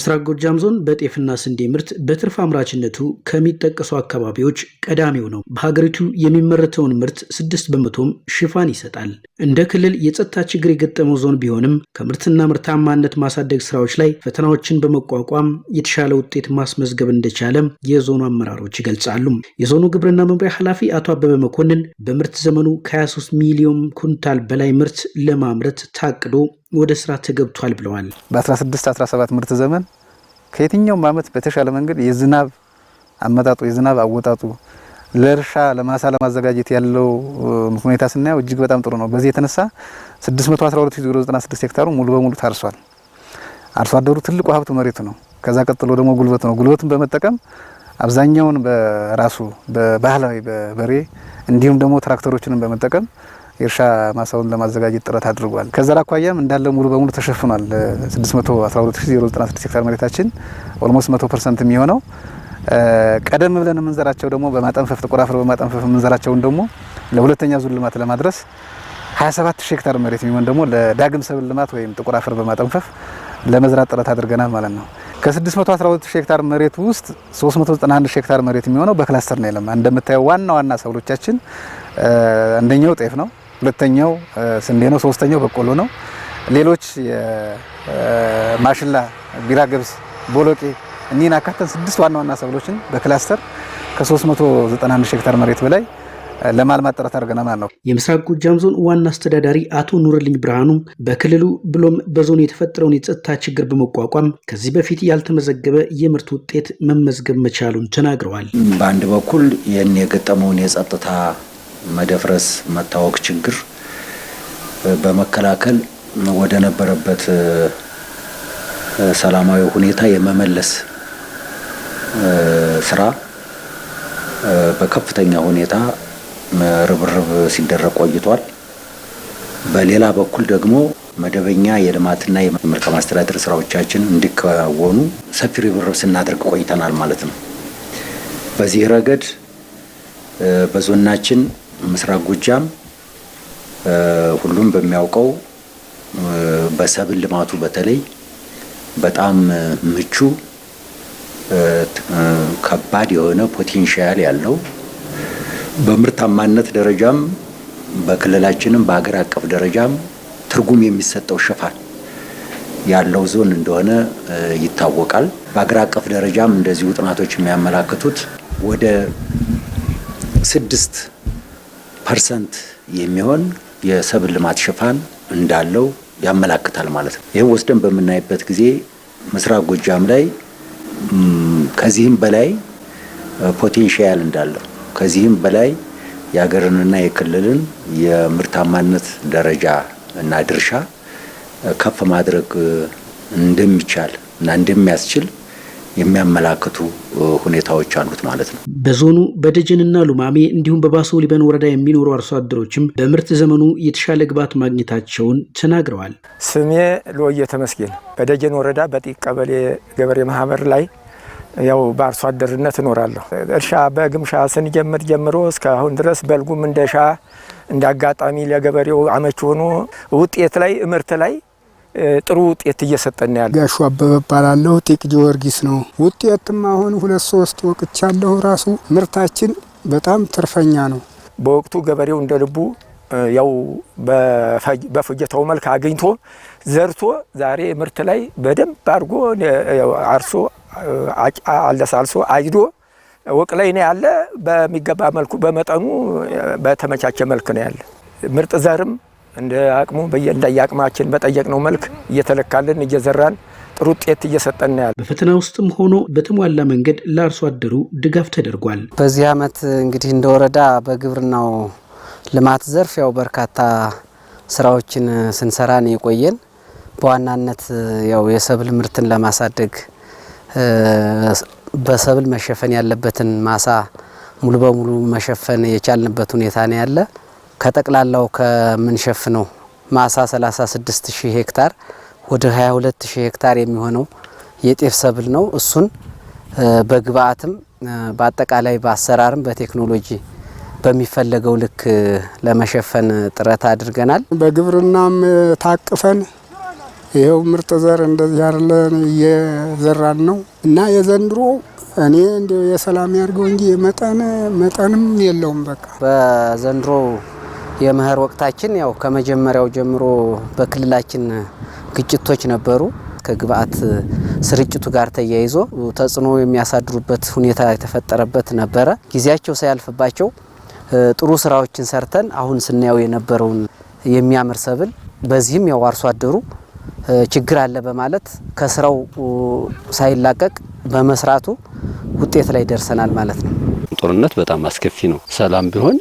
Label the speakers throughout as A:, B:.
A: የምስራቅ ጎጃም ዞን በጤፍና ስንዴ ምርት በትርፍ አምራችነቱ ከሚጠቀሱ አካባቢዎች ቀዳሚው ነው። በሀገሪቱ የሚመረተውን ምርት ስድስት በመቶም ሽፋን ይሰጣል። እንደ ክልል የጸጥታ ችግር የገጠመው ዞን ቢሆንም ከምርትና ምርታማነት ማሳደግ ስራዎች ላይ ፈተናዎችን በመቋቋም የተሻለ ውጤት ማስመዝገብ እንደቻለም የዞኑ አመራሮች ይገልጻሉ። የዞኑ ግብርና መምሪያ ኃላፊ አቶ አበበ መኮንን በምርት ዘመኑ ከ23 ሚሊዮን ኩንታል በላይ ምርት ለማምረት ታቅዶ ወደ ስራ ተገብቷል ብለዋል።
B: በ1617 ምርት ዘመን ከየትኛውም አመት በተሻለ መንገድ የዝናብ አመጣጡ የዝናብ አወጣጡ ለእርሻ ለማሳ ለማዘጋጀት ያለው ሁኔታ ስናየው እጅግ በጣም ጥሩ ነው። በዚህ የተነሳ 612096 ሄክታሩ ሙሉ በሙሉ ታርሷል። አርሶ አደሩ ትልቁ ሀብቱ መሬቱ ነው። ከዛ ቀጥሎ ደግሞ ጉልበት ነው። ጉልበቱን በመጠቀም አብዛኛውን በራሱ በባህላዊ በበሬ እንዲሁም ደግሞ ትራክተሮችንን በመጠቀም የእርሻ ማሳውን ለማዘጋጀት ጥረት አድርጓል። ከዘር አኳያም እንዳለ ሙሉ በሙሉ ተሸፍኗል። 612096 ሄክታር መሬታችን ኦልሞስት 100 ፐርሰንት የሚሆነው ቀደም ብለን የምንዘራቸው ደግሞ በማጠንፈፍ ጥቁር አፈር በማጠንፈፍ የምንዘራቸውን ደግሞ ለሁለተኛ ዙር ልማት ለማድረስ 27 ሺህ ሄክታር መሬት የሚሆን ደግሞ ለዳግም ሰብል ልማት ወይም ጥቁር አፈር በማጠንፈፍ ለመዝራት ጥረት አድርገናል ማለት ነው። ከ612 ሺህ ሄክታር መሬት ውስጥ 391 ሺህ ሄክታር መሬት የሚሆነው በክላስተር ነው የለማ። እንደምታየው ዋና ዋና ሰብሎቻችን አንደኛው ጤፍ ነው። ሁለተኛው ስንዴ ነው። ሶስተኛው በቆሎ ነው። ሌሎች ማሽላ፣ ቢራ፣ ገብስ፣ ቦሎቄ እኒህን አካተን ስድስት ዋና ዋና ሰብሎችን በክላስተር ከ391 ሄክታር መሬት በላይ ለማልማት ጥረት አድርገናል ማለት ነው።
A: የምስራቅ ጎጃም ዞን ዋና አስተዳዳሪ አቶ ኑርልኝ ብርሃኑ በክልሉ ብሎም በዞኑ የተፈጠረውን የጸጥታ ችግር በመቋቋም ከዚህ በፊት ያልተመዘገበ የምርት ውጤት መመዝገብ መቻሉን ተናግረዋል።
C: በአንድ በኩል ይህን የገጠመውን የጸጥታ መደፍረስ፣ መታወክ ችግር በመከላከል ወደ ነበረበት ሰላማዊ ሁኔታ የመመለስ ስራ በከፍተኛ ሁኔታ ርብርብ ሲደረግ ቆይቷል። በሌላ በኩል ደግሞ መደበኛ የልማትና የመልካም አስተዳደር ስራዎቻችን እንዲከወኑ ሰፊ ርብርብ ስናደርግ ቆይተናል ማለት ነው። በዚህ ረገድ በዞናችን ምስራቅ ጎጃም ሁሉም በሚያውቀው በሰብል ልማቱ በተለይ በጣም ምቹ ከባድ የሆነ ፖቴንሻል ያለው በምርታማነት ደረጃም በክልላችንም በሀገር አቀፍ ደረጃም ትርጉም የሚሰጠው ሽፋን ያለው ዞን እንደሆነ ይታወቃል። በሀገር አቀፍ ደረጃም እንደዚሁ ጥናቶች የሚያመላክቱት ወደ ስድስት ፐርሰንት የሚሆን የሰብል ልማት ሽፋን እንዳለው ያመላክታል ማለት ነው። ይህን ወስደን በምናይበት ጊዜ ምስራቅ ጎጃም ላይ ከዚህም በላይ ፖቴንሻል እንዳለው ከዚህም በላይ የሀገርንና የክልልን የምርታማነት ደረጃ እና ድርሻ ከፍ ማድረግ እንደሚቻል እና እንደሚያስችል የሚያመላክቱ ሁኔታዎች አሉት ማለት ነው።
A: በዞኑ በደጀንና ሉማሜ እንዲሁም በባሶ ሊበን ወረዳ የሚኖሩ አርሶ አደሮችም በምርት ዘመኑ የተሻለ ግብዓት ማግኘታቸውን ተናግረዋል።
B: ስሜ ሎየ ተመስገን በደጀን ወረዳ በጢቅ ቀበሌ ገበሬ ማህበር ላይ ያው በአርሶ አደርነት እኖራለሁ። እርሻ በግምሻ ስንጀምር ጀምሮ እስካሁን ድረስ በልጉም እንደሻ እንደ አጋጣሚ ለገበሬው አመች ሆኖ ውጤት ላይ ምርት ላይ ጥሩ ውጤት እየሰጠን ያለ።
D: ጋሹ አበበ እባላለሁ። ጤቅ ጊዮርጊስ ነው። ውጤትም አሁን ሁለት ሶስት ወቅቻለሁ። ራሱ ምርታችን በጣም ትርፈኛ ነው።
B: በወቅቱ ገበሬው እንደ ልቡ ያው በፍጀታው መልክ አግኝቶ ዘርቶ ዛሬ ምርት ላይ በደንብ አድርጎ አርሶ አለሳልሶ አጭዶ ወቅ ላይ ነው ያለ። በሚገባ መልኩ በመጠኑ በተመቻቸ መልክ ነው ያለ ምርጥ ዘርም እንደ አቅሙ በየአቅማችን በጠየቅነው መልክ እየተለካልን እየዘራን ጥሩ ውጤት እየሰጠን ያለ።
A: በፈተና ውስጥም ሆኖ በተሟላ መንገድ ለአርሶ አደሩ ድጋፍ ተደርጓል።
E: በዚህ ዓመት እንግዲህ እንደ ወረዳ በግብርናው ልማት ዘርፍ ያው በርካታ ስራዎችን ስንሰራ ነው የቆየን። በዋናነት ያው የሰብል ምርትን ለማሳደግ በሰብል መሸፈን ያለበትን ማሳ ሙሉ በሙሉ መሸፈን የቻልንበት ሁኔታ ነው ያለ። ከጠቅላላው ከምንሸፍነው ማሳ 36 ሺህ ሄክታር ወደ 22 ሺህ ሄክታር የሚሆነው የጤፍ ሰብል ነው። እሱን በግብአትም በአጠቃላይ በአሰራርም በቴክኖሎጂ በሚፈለገው ልክ ለመሸፈን ጥረት አድርገናል።
F: በግብርናም ታቅፈን ይኸው ምርጥ ዘር እንደዚህ ያለን እየዘራን ነው እና የዘንድሮ እኔ እንዲያው የሰላም ያድርገው እንጂ መጠን መጠንም የለውም በቃ
E: በዘንድሮ የመኸር ወቅታችን ያው ከመጀመሪያው ጀምሮ በክልላችን ግጭቶች ነበሩ። ከግብአት ስርጭቱ ጋር ተያይዞ ተጽዕኖ የሚያሳድሩበት ሁኔታ የተፈጠረበት ነበረ። ጊዜያቸው ሳያልፍባቸው ጥሩ ስራዎችን ሰርተን አሁን ስናየው የነበረውን የሚያምር ሰብል በዚህም ያው አርሶ አደሩ ችግር አለ በማለት ከስራው ሳይላቀቅ በመስራቱ ውጤት ላይ ደርሰናል ማለት ነው።
G: ጦርነት በጣም አስከፊ ነው። ሰላም ቢሆን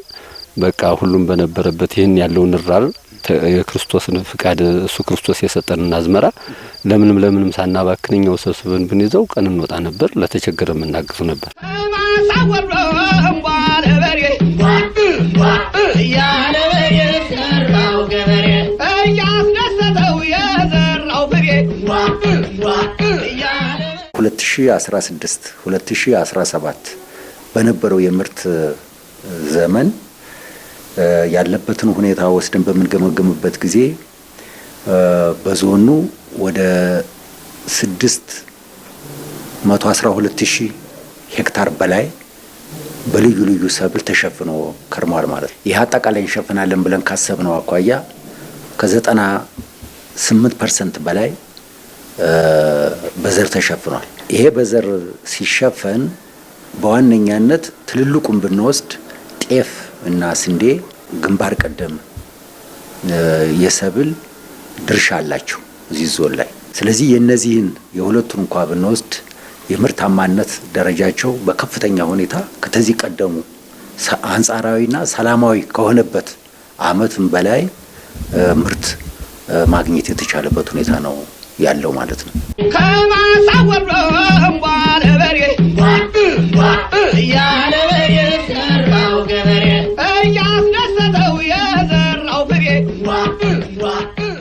G: በቃ ሁሉም በነበረበት ይህን ያለውን ራር የክርስቶስን ፍቃድ እሱ ክርስቶስ የሰጠንን አዝመራ ለምንም ለምንም ሳናባክን እኛው ሰብስበን ብንይዘው ቀን እንወጣ ነበር፣ ለተቸገረ የምናግዙ ነበር።
C: ሁለት ሺ አስራ ስድስት ሁለት ሺ አስራ ሰባት በነበረው የምርት ዘመን ያለበትን ሁኔታ ወስደን በምንገመገምበት ጊዜ በዞኑ ወደ ስድስት መቶ አስራ ሁለት ሺህ ሄክታር በላይ በልዩ ልዩ ሰብል ተሸፍኖ ከርሟል ማለት ነው። ይህ አጠቃላይ እንሸፍናለን ብለን ካሰብነው አኳያ ከዘጠና ስምንት ፐርሰንት በላይ በዘር ተሸፍኗል። ይሄ በዘር ሲሸፈን በዋነኛነት ትልልቁን ብንወስድ ጤፍ እና ስንዴ ግንባር ቀደም የሰብል ድርሻ አላቸው እዚህ ዞን ላይ። ስለዚህ የእነዚህን የሁለቱን እንኳ ብንወስድ የምርታማነት ደረጃቸው በከፍተኛ ሁኔታ ከተዚህ ቀደሙ አንጻራዊና ሰላማዊ ከሆነበት አመትም በላይ ምርት ማግኘት የተቻለበት ሁኔታ ነው ያለው ማለት ነው።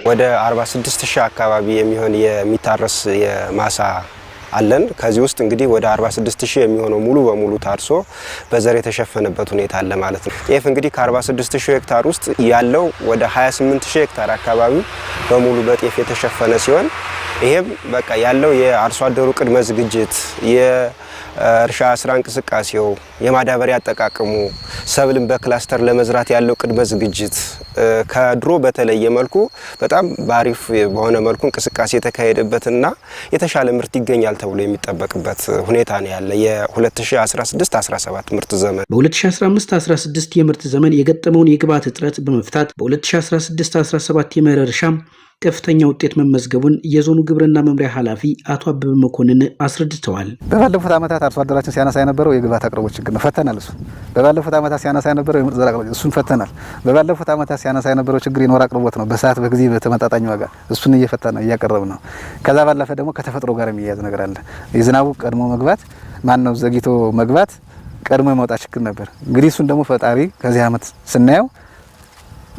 B: ወደ 46 ሺህ አካባቢ የሚሆን የሚታረስ የማሳ አለን። ከዚህ ውስጥ እንግዲህ ወደ 46 ሺህ የሚሆነው ሙሉ በሙሉ ታርሶ በዘር የተሸፈነበት ሁኔታ አለ ማለት ነው። ጤፍ እንግዲህ ከ46 ሺህ ሄክታር ውስጥ ያለው ወደ 28 ሺህ ሄክታር አካባቢ በሙሉ በጤፍ የተሸፈነ ሲሆን ይሄም በቃ ያለው የአርሶ አደሩ ቅድመ ዝግጅት እርሻ ስራ እንቅስቃሴው፣ የማዳበሪያ አጠቃቀሙ፣ ሰብልን በክላስተር ለመዝራት ያለው ቅድመ ዝግጅት ከድሮ በተለየ መልኩ በጣም በአሪፍ በሆነ መልኩ እንቅስቃሴ የተካሄደበትና የተሻለ ምርት ይገኛል ተብሎ የሚጠበቅበት ሁኔታ ነው ያለ የ2016/17 ምርት ዘመን።
A: በ2015/16 የምርት ዘመን የገጠመውን የግብዓት እጥረት በመፍታት በ2016/17 የመኸር እርሻ ከፍተኛ ውጤት መመዝገቡን የዞኑ ግብርና መምሪያ ኃላፊ አቶ አበበ መኮንን አስረድተዋል።
B: በባለፉት ዓመታት አርሶ አደራችን ሲያነሳ የነበረው የግብዓት አቅርቦት ችግር ነው፣ ፈተናል። እሱ በባለፉት ዓመታት ሲያነሳ የነበረው የምርጥ ዘር አቅርቦት እሱን ፈተናል። በባለፉት ዓመታት ሲያነሳ የነበረው ችግር የኖር አቅርቦት ነው፣ በሰዓት በጊዜ በተመጣጣኝ ዋጋ እሱን እየፈታ ነው እያቀረብ ነው። ከዛ ባለፈ ደግሞ ከተፈጥሮ ጋር የሚያያዝ ነገር አለ። የዝናቡ ቀድሞ መግባት ማን ነው ዘግይቶ መግባት ቀድሞ የመውጣት ችግር ነበር። እንግዲህ እሱን ደግሞ ፈጣሪ ከዚህ ዓመት ስናየው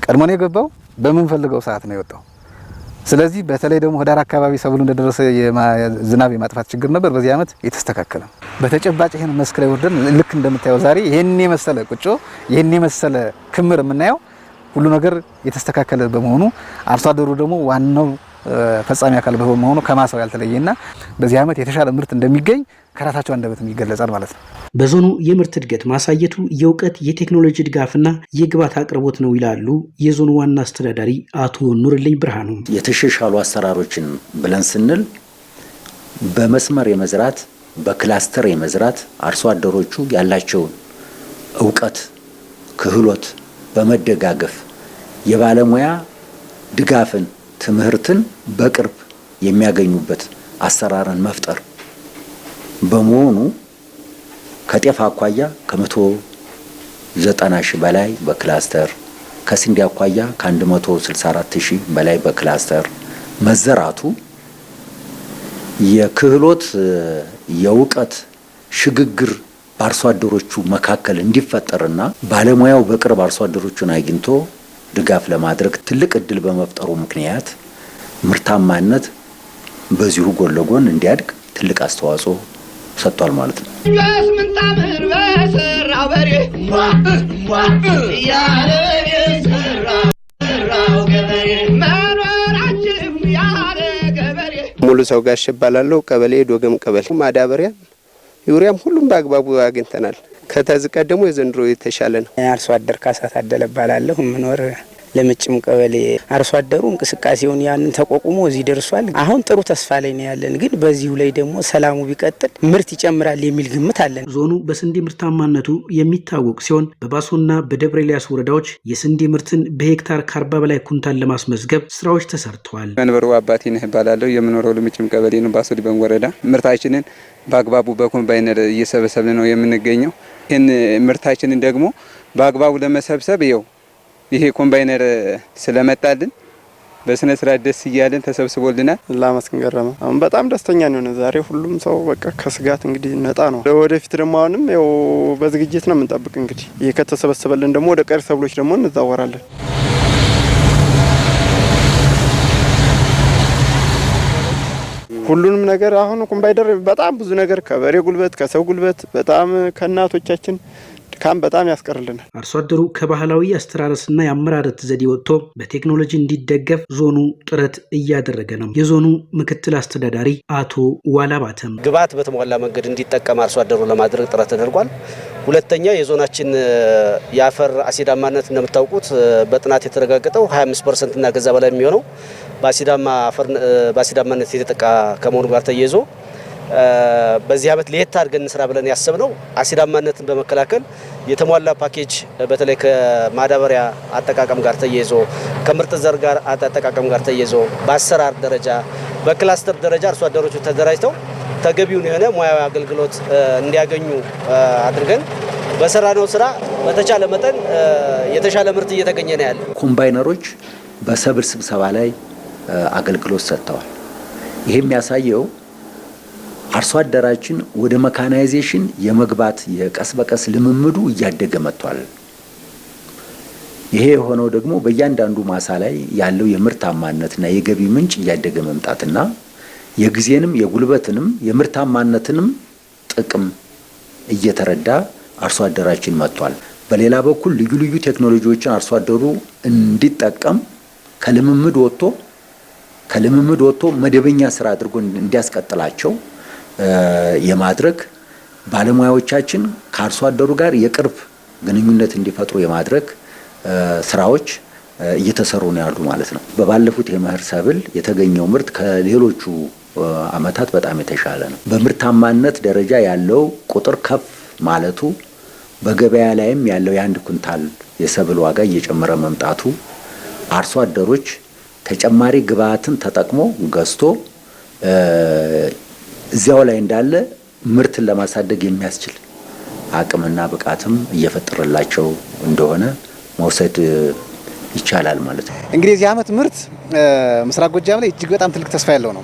B: ቀድሞ ነው የገባው፣ በምንፈልገው ሰዓት ነው የወጣው። ስለዚህ በተለይ ደግሞ ህዳር አካባቢ ሰብሉ እንደደረሰ ዝናብ የማጥፋት ችግር ነበር። በዚህ ዓመት የተስተካከለ በተጨባጭ ይህን መስክ ላይ ወርደን ልክ እንደምታየው ዛሬ ይህን የመሰለ ቁጮ ይህን የመሰለ ክምር የምናየው ሁሉ ነገር የተስተካከለ በመሆኑ አርሶ አደሩ ደግሞ ዋናው ፈጻሚ አካል በመሆኑ ከማሳው ያልተለየና በዚህ ዓመት የተሻለ ምርት እንደሚገኝ ከራሳቸው አንደበት ይገለጻል ማለት ነው።
A: በዞኑ የምርት እድገት ማሳየቱ የእውቀት የቴክኖሎጂ ድጋፍና የግብዓት አቅርቦት ነው ይላሉ የዞኑ ዋና አስተዳዳሪ አቶ ኑርልኝ ብርሃኑ።
C: የተሻሻሉ አሰራሮችን ብለን ስንል በመስመር የመዝራት በክላስተር የመዝራት አርሶ አደሮቹ ያላቸውን እውቀት ክህሎት በመደጋገፍ የባለሙያ ድጋፍን ትምህርትን በቅርብ የሚያገኙበት አሰራርን መፍጠር በመሆኑ ከጤፍ አኳያ ከመቶ ዘጠና ሺህ በላይ በክላስተር ከስንዴ አኳያ ከ164 ሺህ በላይ በክላስተር መዘራቱ የክህሎት የእውቀት ሽግግር በአርሶ አደሮቹ መካከል እንዲፈጠርና ባለሙያው በቅርብ አርሶ አደሮቹን አግኝቶ ድጋፍ ለማድረግ ትልቅ እድል በመፍጠሩ ምክንያት ምርታማነት በዚሁ ጎን ለጎን እንዲያድግ ትልቅ አስተዋጽኦ ሰጥቷል ማለት ነው።
B: ሙሉ ሰው ጋሽ እባላለሁ። ቀበሌ ዶገም ቀበሌ ማዳበሪያም ዩሪያም ሁሉም በአግባቡ አግኝተናል። ከተዝቀ ደግሞ የዘንድሮ የተሻለ ነው።
E: አርሶ አደር ካሳ ታደለ እባላለሁ። የምኖር ለምጭም ቀበሌ አርሶ አደሩ እንቅስቃሴውን ያንን ተቋቁሞ እዚህ ደርሷል። አሁን ጥሩ ተስፋ ላይ ነው ያለን፣ ግን በዚሁ ላይ ደግሞ ሰላሙ ቢቀጥል ምርት ይጨምራል የሚል ግምት አለን።
A: ዞኑ በስንዴ ምርታማነቱ የሚታወቅ ሲሆን በባሶና በደብረ ኤልያስ ወረዳዎች የስንዴ ምርትን በሄክታር ከአርባ በላይ ኩንታል ለማስመዝገብ ስራዎች ተሰርተዋል።
B: መንበሩ አባቴ ነህ እባላለሁ። የምኖረው ልምጭም ቀበሌ ነው፣ ባሶ ሊበን ወረዳ። ምርታችንን በአግባቡ በኮምባይነር እየሰበሰብን ነው የምንገኘው ይህን ምርታችንን ደግሞ በአግባቡ ለመሰብሰብ ይኸው ይሄ ኮምባይነር ስለመጣልን በስነ ስርዓት ደስ እያለን ተሰብስቦልናል።
H: ላመስግን ገረመ አሁን በጣም ደስተኛ ነው። ዛሬ ሁሉም ሰው በቃ ከስጋት እንግዲህ ነጣ ነው። ወደፊት ደግሞ አሁንም ያው በዝግጅት ነው የምንጠብቅ እንግዲህ ይሄ ከተሰበሰበልን ደግሞ ወደ ቀሪ ሰብሎች ደግሞ እንዛወራለን።
B: ሁሉንም ነገር አሁን ኮምባይደር በጣም ብዙ ነገር ከበሬ ጉልበት ከሰው ጉልበት በጣም ከእናቶቻችን ድካም በጣም ያስቀርልናል።
A: አርሶ አደሩ ከባህላዊ አስተራረስና የአመራረት ዘዴ ወጥቶ በቴክኖሎጂ እንዲደገፍ ዞኑ ጥረት እያደረገ ነው። የዞኑ ምክትል አስተዳዳሪ አቶ ዋላባተም
B: ግብዓት በተሟላ መንገድ እንዲጠቀም አርሶ አደሩ ለማድረግ ጥረት ተደርጓል። ሁለተኛ የዞናችን የአፈር አሲዳማነት እንደምታውቁት በጥናት የተረጋገጠው 25 ፐርሰንትና ከዛ በላይ የሚሆነው በአሲዳማነት የተጠቃ ከመሆኑ ጋር ተያይዞ በዚህ ዓመት ለየት አድርገን እንስራ ብለን ያሰብነው አሲዳማነትን በመከላከል የተሟላ ፓኬጅ በተለይ ከማዳበሪያ አጠቃቀም ጋር ተያይዞ ከምርጥ ዘር ጋር አጠቃቀም ጋር ተያይዞ በአሰራር ደረጃ በክላስተር ደረጃ አርሶ አደሮቹ ተደራጅተው ተገቢውን የሆነ ሙያዊ አገልግሎት እንዲያገኙ አድርገን በሰራነው ስራ በተቻለ መጠን የተሻለ ምርት እየተገኘ ነው ያለ።
C: ኮምባይነሮች በሰብል ስብሰባ ላይ አገልግሎት ሰጥተዋል። ይህ የሚያሳየው አርሶ አደራችን ወደ መካናይዜሽን የመግባት የቀስ በቀስ ልምምዱ እያደገ መጥቷል። ይሄ የሆነው ደግሞ በእያንዳንዱ ማሳ ላይ ያለው የምርታማነትና የገቢ ምንጭ እያደገ መምጣትና የጊዜንም የጉልበትንም የምርታማነትንም ጥቅም እየተረዳ አርሶ አደራችን መጥቷል። በሌላ በኩል ልዩ ልዩ ቴክኖሎጂዎችን አርሶ አደሩ እንዲጠቀም ከልምምድ ወጥቶ ከልምምድ ወጥቶ መደበኛ ስራ አድርጎ እንዲያስቀጥላቸው የማድረግ ባለሙያዎቻችን ከአርሶ አደሩ ጋር የቅርብ ግንኙነት እንዲፈጥሩ የማድረግ ስራዎች እየተሰሩ ነው ያሉ ማለት ነው። በባለፉት የመኸር ሰብል የተገኘው ምርት ከሌሎቹ አመታት በጣም የተሻለ ነው። በምርታማነት ደረጃ ያለው ቁጥር ከፍ ማለቱ በገበያ ላይም ያለው የአንድ ኩንታል የሰብል ዋጋ እየጨመረ መምጣቱ አርሶ አደሮች ተጨማሪ ግብአትን ተጠቅሞ ገዝቶ እዚያው ላይ እንዳለ ምርትን ለማሳደግ የሚያስችል አቅምና ብቃትም እየፈጠረላቸው እንደሆነ መውሰድ ይቻላል ማለት ነው።
B: እንግዲህ የዚህ ዓመት ምርት ምስራቅ ጎጃም ላይ እጅግ በጣም ትልቅ ተስፋ ያለው ነው።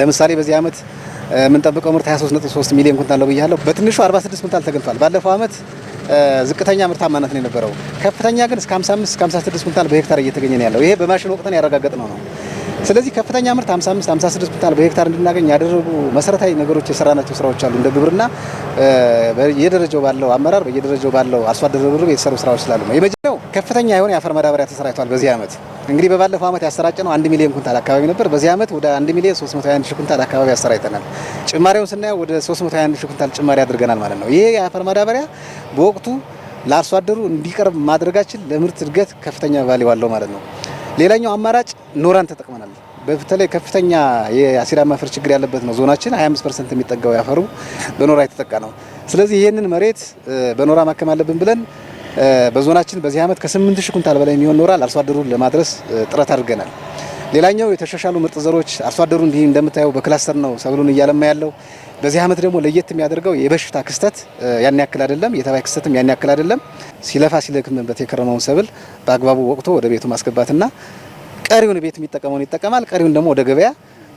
B: ለምሳሌ በዚህ ዓመት የምንጠብቀው ምርት 23.3 ሚሊዮን ኩንታል ነው ብያለሁ። በትንሹ 46 ኩንታል ተገልቷል። ባለፈው ዓመት ዝቅተኛ ምርታማነት ነው የነበረው። ከፍተኛ ግን እስከ 55 እስከ 56 ኩንታል በሄክታር እየተገኘ ነው ያለው። ይሄ በማሽን ወቅተን ያረጋገጥነው ነው። ነው። ስለዚህ ከፍተኛ ምርት 55 56 ኩንታል በሄክታር እንድናገኝ ያደረጉ መሰረታዊ ነገሮች የሰራናቸው ስራዎች አሉ። እንደ ግብርና በየደረጃው ባለው አመራር በየደረጃው ባለው አርሶ አደር ርብርብ የተሰሩ ስራዎች ስላሉ ነው። የመጀመሪያው ከፍተኛ የሆነ የአፈር ማዳበሪያ ተሰራጭቷል በዚህ ዓመት እንግዲህ በባለፈው ዓመት ያሰራጨ ነው አንድ ሚሊዮን ኩንታል አካባቢ ነበር። በዚህ ዓመት ወደ አንድ ሚሊዮን 321 ሺህ ኩንታል አካባቢ አሰራጭተናል። ጭማሪውን ስናየው ወደ 321 ሺህ ኩንታል ጭማሪ አድርገናል ማለት ነው። ይሄ የአፈር ማዳበሪያ በወቅቱ ለአርሶ አደሩ እንዲቀርብ ማድረጋችን ለምርት እድገት ከፍተኛ ቫልዩ አለው ማለት ነው። ሌላኛው አማራጭ ኖራን ተጠቅመናል። በተለይ ከፍተኛ የአሲዳማ አፈር ችግር ያለበት ነው ዞናችን 25 ፐርሰንት የሚጠጋው ያፈሩ በኖራ የተጠቃ ነው። ስለዚህ ይህንን መሬት በኖራ ማከም አለብን ብለን በዞናችን በዚህ ዓመት ከ8 ሺህ ኩንታል በላይ የሚሆን ኖራል አርሶ አደሩን ለማድረስ ጥረት አድርገናል። ሌላኛው የተሻሻሉ ምርጥ ዘሮች አርሶ አደሩ እንዲህ እንደምታየው በክላስተር ነው ሰብሉን እያለማ ያለው። በዚህ ዓመት ደግሞ ለየት የሚያደርገው የበሽታ ክስተት ያን ያክል አይደለም፣ የተባይ ክስተትም ያን ያክል አይደለም። ሲለፋ ሲለክምበት የከረመውን ሰብል በአግባቡ ወቅቶ ወደ ቤቱ ማስገባትና ቀሪውን ቤት የሚጠቀመውን ይጠቀማል፣ ቀሪውን ደግሞ ወደ ገበያ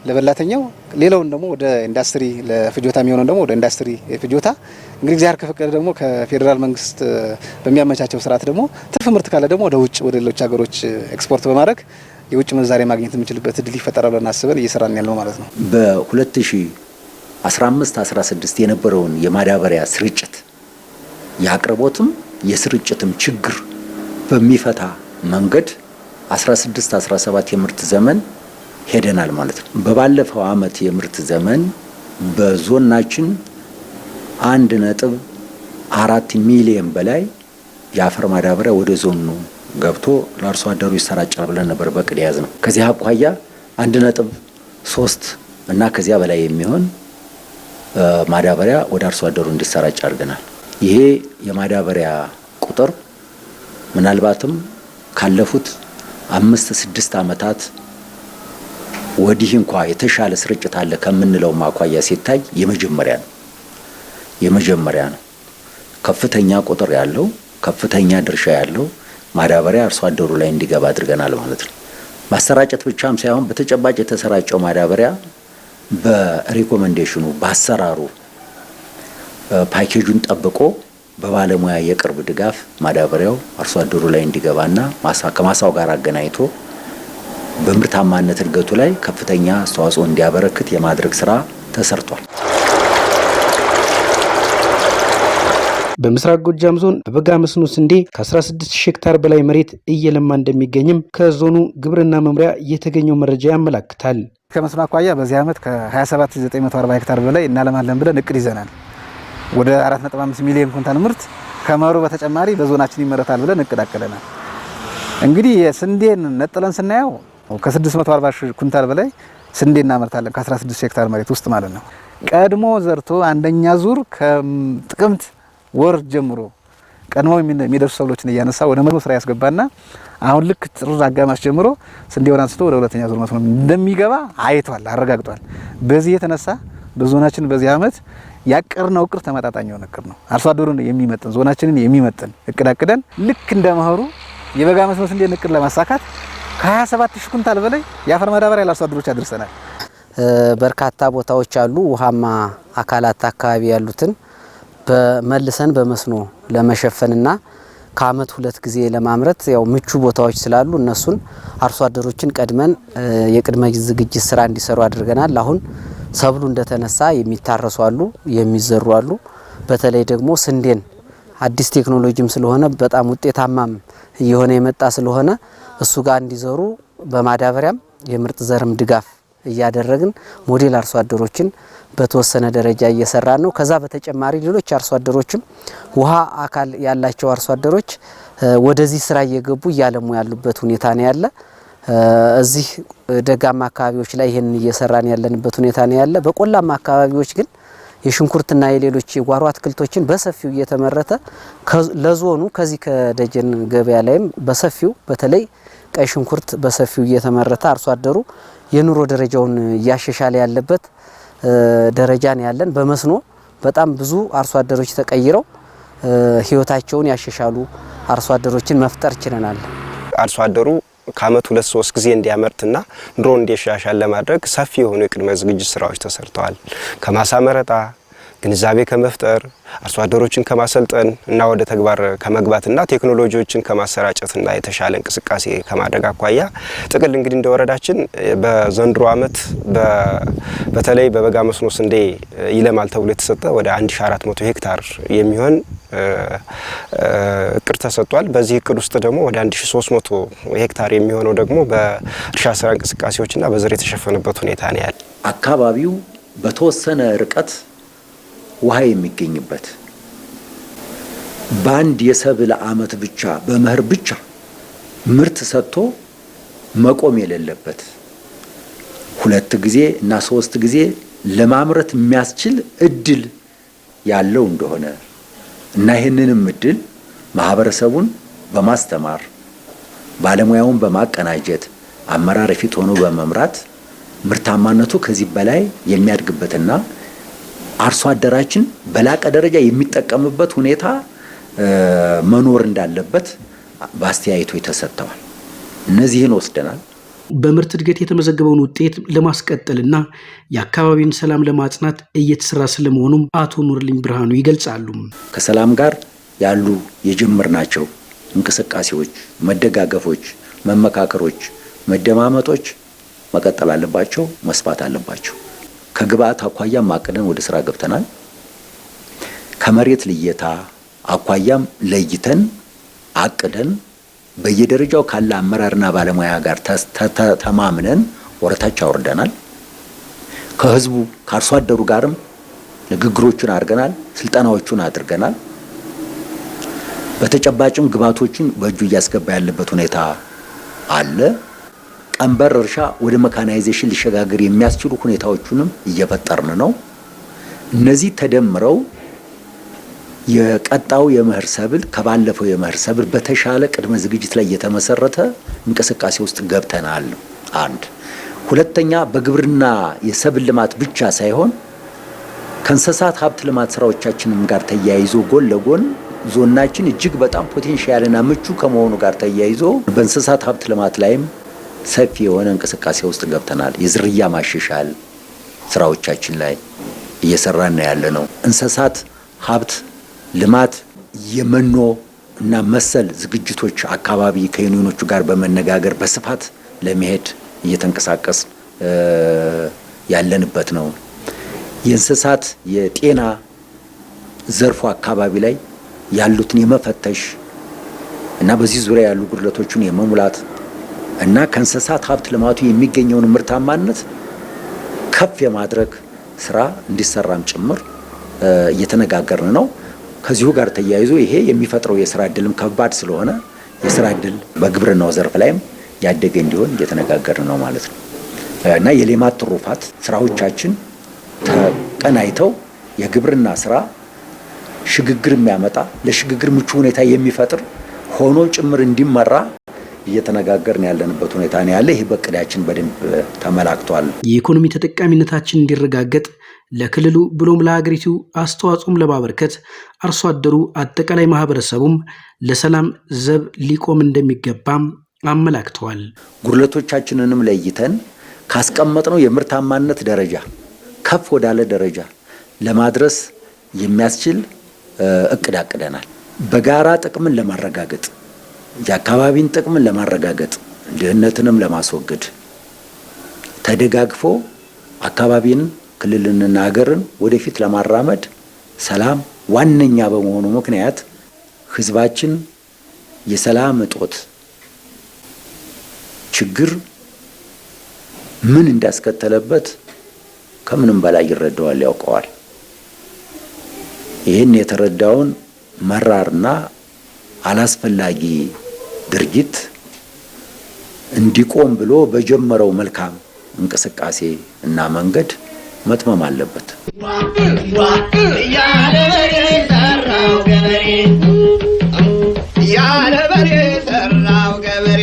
B: ለበላተኛው ሌላውን ደግሞ ወደ ኢንዱስትሪ ለፍጆታ የሚሆነው ደግሞ ወደ ኢንዱስትሪ ፍጆታ እንግዲህ እግዚአብሔር ከፈቀደ ደግሞ ከፌዴራል መንግስት በሚያመቻቸው ስርዓት ደግሞ ትርፍ ምርት ካለ ደግሞ ወደ ውጭ ወደ ሌሎች ሀገሮች ኤክስፖርት በማድረግ የውጭ ምንዛሬ ማግኘት የምንችልበት እድል ይፈጠራል ብለን አስበን እየሰራን ያለው ማለት ነው።
C: በ2015 16 የነበረውን የማዳበሪያ ስርጭት የአቅርቦትም የስርጭትም ችግር በሚፈታ መንገድ 16 17 የምርት ዘመን ሄደናል ማለት ነው። በባለፈው አመት የምርት ዘመን በዞናችን አንድ ነጥብ አራት ሚሊየን በላይ የአፈር ማዳበሪያ ወደ ዞኑ ገብቶ ለአርሶ አደሩ ይሰራጫል ብለን ነበር በቅድ የያዝ ነው። ከዚህ አኳያ አንድ ነጥብ ሶስት እና ከዚያ በላይ የሚሆን ማዳበሪያ ወደ አርሶ አደሩ እንዲሰራጭ አድርገናል። ይሄ የማዳበሪያ ቁጥር ምናልባትም ካለፉት አምስት ስድስት ዓመታት ወዲህ እንኳ የተሻለ ስርጭት አለ ከምንለው ማኳያ ሲታይ የመጀመሪያ ነው የመጀመሪያ ነው። ከፍተኛ ቁጥር ያለው ከፍተኛ ድርሻ ያለው ማዳበሪያ አርሶ አደሩ ላይ እንዲገባ አድርገናል ማለት ነው። ማሰራጨት ብቻም ሳይሆን በተጨባጭ የተሰራጨው ማዳበሪያ በሪኮመንዴሽኑ በአሰራሩ ፓኬጁን ጠብቆ በባለሙያ የቅርብ ድጋፍ ማዳበሪያው አርሶ አደሩ ላይ እንዲገባና ከማሳው ጋር አገናኝቶ በምርታማነት እድገቱ ላይ ከፍተኛ አስተዋጽኦ እንዲያበረክት የማድረግ ስራ ተሰርቷል።
A: በምስራቅ ጎጃም ዞን በበጋ መስኖ ስንዴ ከ16 ሄክታር በላይ መሬት እየለማ እንደሚገኝም ከዞኑ ግብርና መምሪያ የተገኘው መረጃ ያመላክታል።
B: ከመስኖ አኳያ በዚህ ዓመት ከ27940 ሄክታር በላይ እናለማለን ብለን እቅድ ይዘናል። ወደ 4.5 ሚሊዮን ኩንታል ምርት ከመሩ በተጨማሪ በዞናችን ይመረታል ብለን እቅድ አቅደናል። እንግዲህ የስንዴን ነጥለን ስናየው ከ640 ሺህ ኩንታል በላይ ስንዴ እናመርታለን ከ16 ሄክታር መሬት ውስጥ ማለት ነው። ቀድሞ ዘርቶ አንደኛ ዙር ከጥቅምት ወር ጀምሮ ቀድሞ የሚደርሱ ሰብሎችን እያነሳ ወደ መስኖ ስራ ያስገባና አሁን ልክ ጥር አጋማሽ ጀምሮ ስንዴውን አንስቶ ወደ ሁለተኛ ዙር መስኖ እንደሚገባ አይቷል፣ አረጋግጧል። በዚህ የተነሳ በዞናችን በዚህ ዓመት ያቀርነው እቅድ ተመጣጣኝ የሆነ እቅድ ነው። አርሶ አደሩን የሚመጥን ዞናችንን የሚመጥን እቅድ አቅደን ልክ እንደ መኸሩ የበጋ መስኖ ስንዴን እቅድ ለማሳካት ከ27 ሺህ ኩንታል በላይ የአፈር ማዳበሪያ ለአርሶ አደሮች አድርሰናል።
E: በርካታ ቦታዎች አሉ። ውሃማ አካላት አካባቢ ያሉትን በመልሰን በመስኖ ለመሸፈንና ከአመት ሁለት ጊዜ ለማምረት ያው ምቹ ቦታዎች ስላሉ እነሱን አርሶ አደሮችን ቀድመን የቅድመ ዝግጅት ስራ እንዲሰሩ አድርገናል። አሁን ሰብሉ እንደተነሳ የሚታረሱ አሉ፣ የሚዘሩ አሉ። በተለይ ደግሞ ስንዴን አዲስ ቴክኖሎጂም ስለሆነ በጣም ውጤታማም እየሆነ የመጣ ስለሆነ እሱ ጋር እንዲዘሩ በማዳበሪያም የምርጥ ዘርም ድጋፍ እያደረግን ሞዴል አርሶ አደሮችን በተወሰነ ደረጃ እየሰራን ነው። ከዛ በተጨማሪ ሌሎች አርሶ አደሮችም ውሃ አካል ያላቸው አርሶ አደሮች ወደዚህ ስራ እየገቡ እያለሙ ያሉበት ሁኔታ ነው ያለ። እዚህ ደጋማ አካባቢዎች ላይ ይህንን እየሰራን ያለንበት ሁኔታ ነው ያለ። በቆላማ አካባቢዎች ግን የሽንኩርትና የሌሎች የጓሮ አትክልቶችን በሰፊው እየተመረተ ለዞኑ ከዚህ ከደጀን ገበያ ላይም በሰፊው በተለይ ቀይ ሽንኩርት በሰፊው እየተመረተ አርሶ አደሩ የኑሮ ደረጃውን እያሻሻለ ያለበት ደረጃን ያለን በመስኖ በጣም ብዙ አርሶ አደሮች ተቀይረው ህይወታቸውን ያሻሻሉ አርሶ አደሮችን መፍጠር ችለናል።
B: አርሶ አደሩ ከአመት ሁለት ሶስት ጊዜ እንዲያመርትና ኑሮ እንዲሻሻል ለማድረግ ሰፊ የሆኑ የቅድመ ዝግጅት ስራዎች ተሰርተዋል። ከማሳ መረጣ ግንዛቤ ከመፍጠር አርሶ አደሮችን ከማሰልጠን እና ወደ ተግባር ከመግባትና ቴክኖሎጂዎችን እና የተሻለ እንቅስቃሴ ከማድረግ አኳያ ጥቅል እንግዲህ እንደ ወረዳችን በዘንድሮ ዓመት በተለይ በበጋ መስኖ ስንዴ ይለማል ተብሎ የተሰጠ ወደ 1400 ሄክታር የሚሆን እቅድ ተሰጥቷል። በዚህ እቅድ ውስጥ ደግሞ ወደ 1300 ሄክታር የሚሆነው ደግሞ በእርሻ ስራ እንቅስቃሴዎችና በዘር የተሸፈነበት ሁኔታ ነው ያለ
C: አካባቢው በተወሰነ ርቀት ውሃ የሚገኝበት በአንድ የሰብል ዓመት ብቻ በመኸር ብቻ ምርት ሰጥቶ መቆም የሌለበት ሁለት ጊዜ እና ሶስት ጊዜ ለማምረት የሚያስችል እድል ያለው እንደሆነ እና ይህንንም እድል ማህበረሰቡን በማስተማር ባለሙያውን በማቀናጀት አመራር ፊት ሆኖ በመምራት ምርታማነቱ ከዚህ በላይ የሚያድግበትና አርሶ አደራችን በላቀ ደረጃ የሚጠቀምበት ሁኔታ መኖር እንዳለበት በአስተያየቱ ተሰጥተዋል። እነዚህን ወስደናል።
A: በምርት እድገት የተመዘገበውን ውጤት ለማስቀጠልና የአካባቢን ሰላም ለማጽናት እየተሰራ ስለመሆኑም አቶ ኑርልኝ ብርሃኑ ይገልጻሉ።
C: ከሰላም ጋር ያሉ የጀመርናቸው እንቅስቃሴዎች፣ መደጋገፎች፣ መመካከሮች፣ መደማመጦች መቀጠል አለባቸው፣ መስፋት አለባቸው። ከግብአት አኳያም አቅደን ወደ ስራ ገብተናል። ከመሬት ልየታ አኳያም ለይተን አቅደን በየደረጃው ካለ አመራርና ባለሙያ ጋር ተማምነን ወረታች አውርደናል። ከህዝቡ ከአርሶ አደሩ ጋርም ንግግሮቹን አድርገናል፣ ስልጠናዎቹን አድርገናል። በተጨባጭም ግብአቶችን በእጁ እያስገባ ያለበት ሁኔታ አለ። ቀንበር እርሻ ወደ መካናይዜሽን ሊሸጋገር የሚያስችሉ ሁኔታዎቹንም እየፈጠርን ነው። እነዚህ ተደምረው የቀጣው የመኸር ሰብል ከባለፈው የመኸር ሰብል በተሻለ ቅድመ ዝግጅት ላይ የተመሰረተ እንቅስቃሴ ውስጥ ገብተናል። አንድ ሁለተኛ፣ በግብርና የሰብል ልማት ብቻ ሳይሆን ከእንስሳት ሀብት ልማት ስራዎቻችንም ጋር ተያይዞ ጎን ለጎን ዞናችን እጅግ በጣም ፖቴንሻልና ምቹ ከመሆኑ ጋር ተያይዞ በእንስሳት ሀብት ልማት ላይም ሰፊ የሆነ እንቅስቃሴ ውስጥ ገብተናል። የዝርያ ማሻሻል ስራዎቻችን ላይ እየሰራን ያለ ነው። እንስሳት ሀብት ልማት የመኖ እና መሰል ዝግጅቶች አካባቢ ከዩኒዮኖቹ ጋር በመነጋገር በስፋት ለመሄድ እየተንቀሳቀስ ያለንበት ነው። የእንስሳት የጤና ዘርፉ አካባቢ ላይ ያሉትን የመፈተሽ እና በዚህ ዙሪያ ያሉ ጉድለቶችን የመሙላት እና ከእንስሳት ሀብት ልማቱ የሚገኘውን ምርታማነት ከፍ የማድረግ ስራ እንዲሰራም ጭምር እየተነጋገርን ነው። ከዚሁ ጋር ተያይዞ ይሄ የሚፈጥረው የስራ እድልም ከባድ ስለሆነ የስራ እድል በግብርናው ዘርፍ ላይም ያደገ እንዲሆን እየተነጋገርን ነው ማለት ነው እና የሌማት ትሩፋት ስራዎቻችን ተቀናይተው የግብርና ስራ ሽግግር የሚያመጣ ለሽግግር ምቹ ሁኔታ የሚፈጥር ሆኖ ጭምር እንዲመራ እየተነጋገርን ያለንበት ሁኔታ ነው ያለ። ይህ በእቅዳችን በደንብ ተመላክቷል።
A: የኢኮኖሚ ተጠቃሚነታችን እንዲረጋገጥ ለክልሉ ብሎም ለሀገሪቱ አስተዋጽኦም ለማበርከት አርሶ አደሩ አጠቃላይ ማህበረሰቡም ለሰላም ዘብ ሊቆም እንደሚገባም አመላክተዋል።
C: ጉድለቶቻችንንም ለይተን ካስቀመጥነው የምርታማነት ደረጃ ከፍ ወዳለ ደረጃ ለማድረስ የሚያስችል እቅድ አቅደናል። በጋራ ጥቅምን ለማረጋገጥ የአካባቢን ጥቅምን ለማረጋገጥ ድህነትንም ለማስወገድ ተደጋግፎ አካባቢን ክልልንና ሀገርን ወደፊት ለማራመድ ሰላም ዋነኛ በመሆኑ ምክንያት ህዝባችን የሰላም እጦት ችግር ምን እንዳስከተለበት ከምንም በላይ ይረዳዋል፣ ያውቀዋል። ይህን የተረዳውን መራርና አላስፈላጊ ድርጊት እንዲቆም ብሎ በጀመረው መልካም እንቅስቃሴ እና መንገድ መትመም አለበት። ያለ በሬ ሰራው ገበሬ